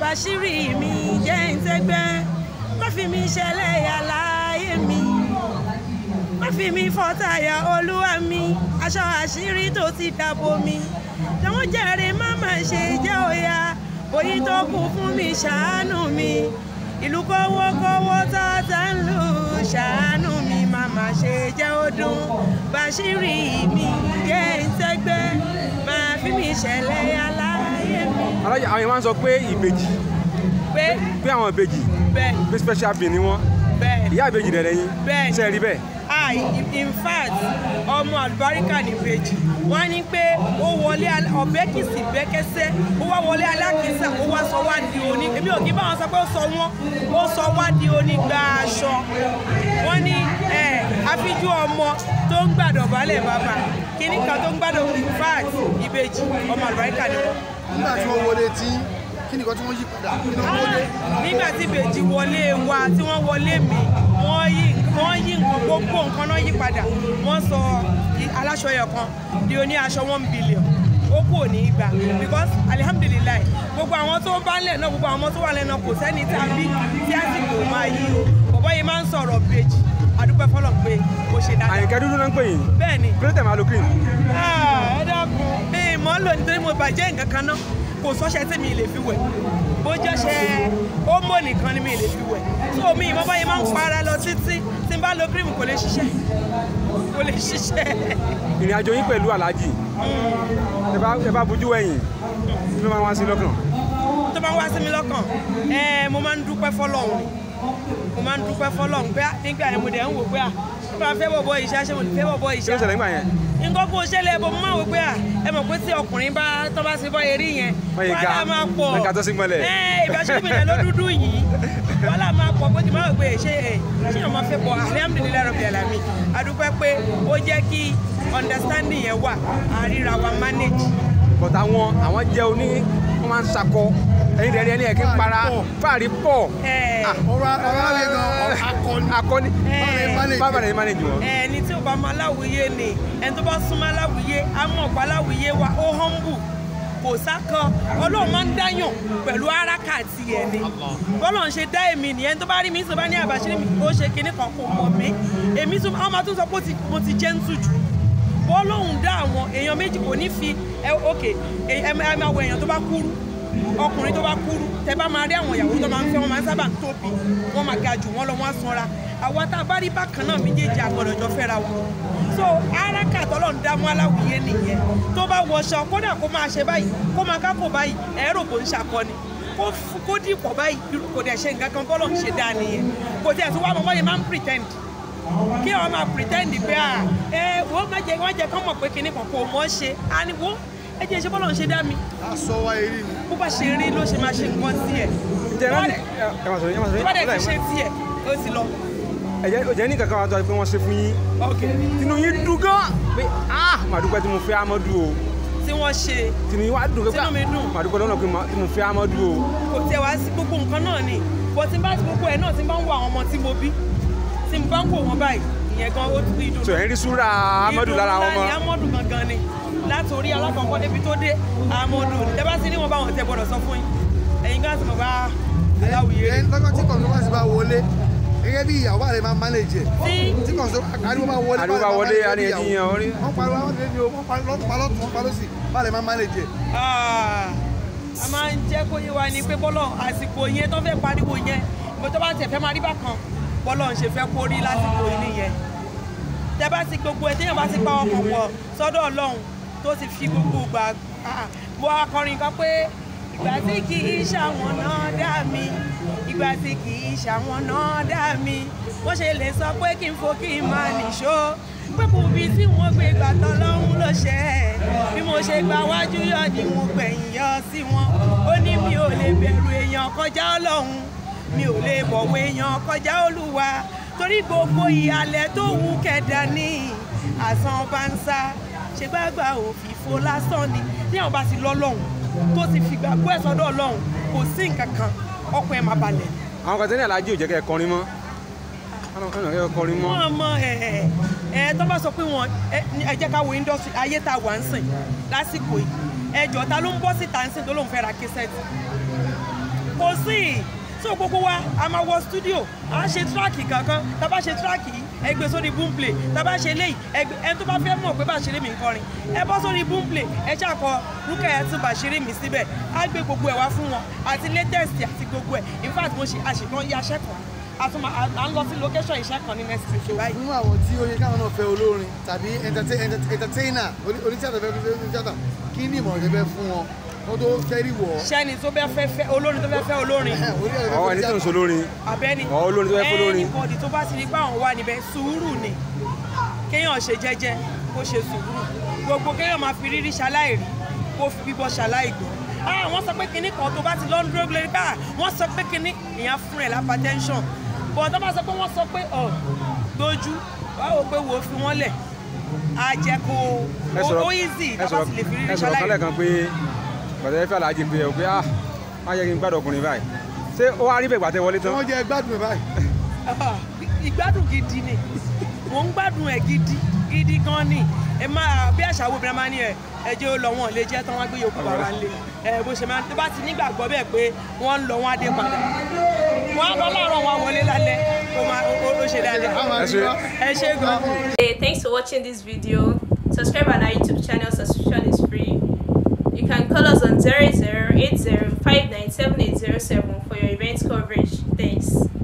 bàṣírí mi jẹ́ ìtẹ́gbẹ́ má fi mi ṣẹlẹ̀ yà láàyè mi má fi mi fọ́tàyà olúwa mi aṣọ àṣírí tó ti dàbò mi jọ̀wọ́ jẹ́rìí má má ṣe jẹ́ òya òyì tó kù fún mi ṣàánú mi ìlú kọ́wọ́kọ́wọ́ tọ́ta ń lù ṣàánú mi má ṣe jẹ́ ó dùn bàṣírí mi jẹ́ ìtẹ́gbẹ́ máa fi mi ṣẹlẹ̀ aláyé mi. alájà àwọn yẹn máa ń sọ pé ìbejì pé àwọn ìbejì pé special bin ni wọ́n ìyá ìbejì dẹ̀dẹ̀ yín ṣe rí bẹ́ẹ̀ báyìí in fact ọmọ àlùbáríkà níbejì wọ́n á ní pé ó wọlé ọ̀bẹ́kìsì bẹ́kẹ́sẹ́ ó wá wọlé alákìísà ó wá sọ wá di oní èmi ò kí bá wọn sọ pé ó sọ wọn ó sọ wá di oní gba aṣọ wọ́n ní àfijú ọmọ tó ń gbàdọ̀bálẹ̀ bàbá kíní kan tó ń gbàdọ̀ in fact ìbejì ọmọ àlùbáríkà ni wọ́n. nígbà tí wọ́n wọlé tí kí nìkan tí wọ́n yí padà kí ni wọ́n ah, wọlé. nígbà tí ìbejì wọlé wa tí wọ́n wọlé mi wọ́n yí nǹkan wọ́n yí nǹkan gbogbo nǹkan náà yí padà wọ́n sọ aláṣọ ẹyọ kan di oní aṣọ one billion ó kù òní ìgbà because alihamdulilayi gbogbo àwọn tó bá lẹ̀ náà gbogbo àwọn tó wà lẹ́nu kò sẹ́ni tàbí tí àsìkò máa yí o bọ̀bọ́ yìí máa ń sọ̀rọ̀ bèjì adúpẹ́ fọlọ́ pé kò ṣe dáadáa. àyìnkẹ́ dúdú náà ń pè yín. bẹ́ẹ̀ni kí máa lo cream. Ah, ẹ dákun èèmọ̀ lò nítorí mo bàjẹ́ nǹkan kan náà kò sọ́ṣẹ́ tí mi omo nìkan ni mi lè fi wẹ̀ so mi ìmọ̀ báyìí máa ń para lọ títí tí n bá lo cream kò lè ṣiṣẹ́ kò lè ṣiṣẹ́. ìrìn àjò yín pẹ̀lú aláàjì hmm. ẹ bá bójú ẹ̀yìn bí máa ń wá sí lọ́kàn. tó bá ń wá sí mi lọ́kàn mo máa ń dúpẹ́ fọlọ́run mo máa ń dúpẹ́ fọlọ́run pé ah, nígbà yẹn mo dẹ̀ ń wò pé à ah, nígbà fẹ́ bọ̀ bọ̀ ìṣá ṣé mo fẹ́ bọ̀ bọ̀ ìṣá. kí ló ṣẹlẹ̀ nígbà yẹn. nǹkan kó ṣẹlẹ̀ bó mo máa wò pé à ah, ẹ mọ̀ pé tí ọkùnrin bá tọ́ bá ṣe bọ́ eré yẹn wàhálà máa pọ̀ nǹkan tó sì mọ́lẹ̀. ẹ ìbáṣepọ̀ mi lọ dúdú yìí wàhálà máa pọ̀ pé kì máa wò pé ṣé ẹ ṣé ọmọ fẹ́ bọ̀ alhamdulilayi rabbi alamin adúpẹ́ pé ó jẹ́ kí understanding yẹn wà àríra wa manage. but àwọn àwọn jẹ́ oní wọ́n máa ń ṣakọ ẹ̀yin dẹ̀rẹ̀ ẹni ẹ̀ kí n para fáàrí pọ̀. Ah, akọni. akọni báwo manage wọn. ẹni tí o bá mọ aláwìyé ni ẹni tó bá súnmọ́ aláwìyé á mọ̀ pa aláwìyé wa ó humble kò sákan ọlọ́run máa ń dáyàn pẹ̀lú áráka àti ẹ̀mí bọ́lọ́run ṣe dá èmi nìyẹn tó bá rí mi tó ní àbáṣe mi ó ṣe kinní kan kò mọ̀ mí èmi tó máa tún sọ pé mo ti gentle jù bọ́lọ́run dá àwọn èèyàn méjì kò ní fi ẹ ok ẹ máa wọ èèyàn tó bá kúrú ọkùnrin tó bá kúrú tẹ bá máa rí àwọn ìyàwó tó máa ń fẹ́ wọn máa ń sábà ń tóbi wọn máa ga jù wọn lọ wọn á sanra àwa tá a bá rí bákan náà méjèèjì àgbọ̀dọ̀jọ fẹ́ra wa so áráka tọ́lọ́run dá mọ́ aláwìyé nìyẹn tó bá wọṣọ kódà kó máa ṣe báyìí kó máa kákò báyìí ẹ̀rọ kò ń ṣàkọni kó dìpọ̀ báyìí kò dẹ̀ ṣe nǹkan kan bọ́lọ̀ ń ṣe dáa nìyẹn kò tiẹ̀ tó wá mọ́ wọ́n yẹn máa ń pretend kí wọ́n máa pretend pé ẹ wọ́n jẹ́ kán mọ̀ pé kinní kan kò mọ́ ṣe á ẹ jẹ́ ṣe bọ́lọ̀ ń ṣe dá mi. aṣọ wa eré ni. bó bá ṣe rí ló ṣe máa ṣe nǹkan tiẹ̀. ìjẹ́rán ni ẹ máa sọ yín ẹ máa sọ yín. bọ́dẹ̀ ti ṣe tiẹ̀ ó ti lọ. ẹ̀jẹ̀ ẹ̀jẹ̀ ní kankan wàá tó pé wọ́n ṣe fún yín. tinú yín dùn gan. pé ah màá dúpẹ́ tí mo fẹ́ amadu o. tí wọ́n ṣe. tinú yín wá dùn pé ah, màá dúpẹ́ lọ́nà pé tí mo fẹ́ amadu o. kò tẹ wá sí gbogbo nǹkan náà ni bó ti bá ti gbogbo ẹ̀ náà ti bá ń wo àwọn ọmọ tí mo bí tí mo bá ń kó wọn ìyẹn gan ó ti dùn. tòun rí súra amadu lára wọn mọ. amadu gangan ni látòrí alákọ̀ọ́kọ́ débi tó dé amadu ẹ bá sí ní wọn bá wọn tẹ gbọdọ̀ sọ fún yín ẹ̀yin gáàsì mọ̀ bá aláwìyé. ẹni lọ́kàn tí kọ̀ọ̀kan wá sí bá wọlé gẹ́gẹ́ bí ìyàwó rẹ̀ máa manage tí kò sọ ariwo máa wọlé ariwo máa wọlé ani ẹni yàn orí. wọ́n pariwo àwọn ọ̀dẹ́ o wọ́n pariwo wọ́n pariwo sí bá rẹ̀ máa manage ẹ̀. a máa ń jẹ́ kó yé wa ni pé bọ́lọ̀ àsìkò yẹn tó fẹ́ pariwo yẹn mo tó bá tẹ̀ fẹ́ máa rí bákan bọ́lọ̀ ń ṣe fẹ́ kó rí lásìkò ilé yẹn tẹ bá ti gbogbo ẹtẹ́yàn bá ti pa ọkàn pọ̀ sọ́dọ̀ ọlọ́run tó ti fi gbogbo gbà bọ́ akọrin kan pé ìgbà tí kì í ṣàwọn náà dá mi ìgbà tí kì í ṣàwọn náà dá mi wọ́n ṣe lè sọ pé kí n fo kí n máa nìṣó pẹ́kù bí tí wọ́n gbé ìgbà tán lọ́hún ló ṣe bí mo ṣe gba wájú yọ ni mo gbẹ̀yìn yọ sí wọn ó ní mi ò lè bẹ̀rù èèyàn kọjá ọlọ́run mi ò lè mọ̀wé yan kọjá olúwa torí gbogbo ìhàlẹ̀ tó wù kẹ̀dà ní àsan bánsá ṣe gbàgbà òfìfo lásán ni ní àwọn bá ti lọ lọ́hùn tó ti fi gbàgbọ́ ẹ̀ sọ́dọ̀ lọ́hùn kò sí nǹkan kan ọkọ̀ ẹ̀ máa balẹ̀. àwọn kan tẹ́lẹ̀ aláàjì ò jẹ́ kẹ́ ẹ kọrin mọ́ àwọn kan tẹ́lẹ̀ kọrin mọ́. wọ́n mọ ẹ ẹ tó bá sọ pé wọn ẹ jẹ́ ká wo indọ́sítì ayé tá wà ń sìn lásìkò yìí ẹjọ́ ta ló ń bọ́ síta ń sìn tó lóun fẹ́ ra kẹsẹ́ẹ̀tì kò sí so gbogbo wa a máa wọ studio a ṣe tíráàkì kankan tá a bá ṣe tíráàkì ẹ gbé sórí boom play tá a bá ṣe léyìí ẹ tó bá fẹ́ mọ̀ pé Bàṣírì mi ń kọrin ẹ bọ́ sórí boom play ẹ ṣàkọ Rukayat Bàṣírì mi síbẹ̀ á gbé gbogbo ẹ̀ wá fún wọn àti latest àti gbogbo ẹ̀ in fact mo ṣe àṣekàn yá aṣẹ́kọ̀ọ́ àtúmọ̀ à ń lọ sí location iṣẹ́ kan ní next week báyìí. fún àwọn tí ó yẹ káwọn náà fẹ́ olórin tàbí entertainer oníṣẹ́ àtàfẹ́ oníṣẹ́ àtà kí ni ìmọ̀ràn jẹ́ fẹ́ fún wọn kó tó fẹ́rí wọ̀. sẹ́ni tó bẹ́ fẹ́ fẹ́ olórin tó bẹ́ fẹ́ olórin. àwọn ẹni tó ń so abẹ́ni àwọn olórin tó bẹ́ fẹ́ olórin. ẹnìbọ̀dì tó bá ti ní pé àwọn wà níbẹ̀ sùúrù ni kéèyàn ṣe jẹ́jẹ́ kó ṣe sùúrù gbogbo kéèyàn máa fi rírí ṣaláìrí kó fi bíbọ ṣaláìgbọ́ ah, wọ́n sọ pé kinní kan tó bá ti lọ́n dúró gbélé bá ah, wọ́n sọ pé kinní ìyẹn fún ẹ̀ lápá tẹ́ńṣọ̀n bọ̀ tó bá sọ pé wọ́n sọ pé ọ̀ dojú báwo pé wò ó fi wọ́n lẹ̀ á jẹ́ kó ó easy tó bá ti lè fi rírí ṣaláìrí. ẹ sọ̀rọ̀ kálẹ̀ kan pé gbàtẹ́ fẹ́ aláàjì ń bẹ ọ pé ah má yẹ kí n gbádùn ọkùnrin báyìí ṣé ó wá rí bẹ́ẹ̀ gbàtẹ́ wọlé tán. wọ́n jẹ́ gbádùn ẹ̀ báyìí. ìgbádùn gidi ni mò ń gbádùn ẹ̀ gidi gidi gan ni ẹ máa bí àṣà wo obìnrin máa ní ẹ ẹ ó lọ wọn lè jẹ́ tán wá gbé yòókù bàbá ńlẹ̀ ẹ bó ṣe máa ń bá ti nígbàgbọ́ bẹ́ẹ̀ pé wọ́n ń lọ wọn á padà wọ́n á lọ láàárọ̀ wọn wọlé lálẹ́ ó máa ó ṣe dáadáa ẹ ṣe gan. Hey, thanks for watching this video. Subscribe our YouTube channel. Subscription is free. You can call us on 0080 for your event coverage. Thanks.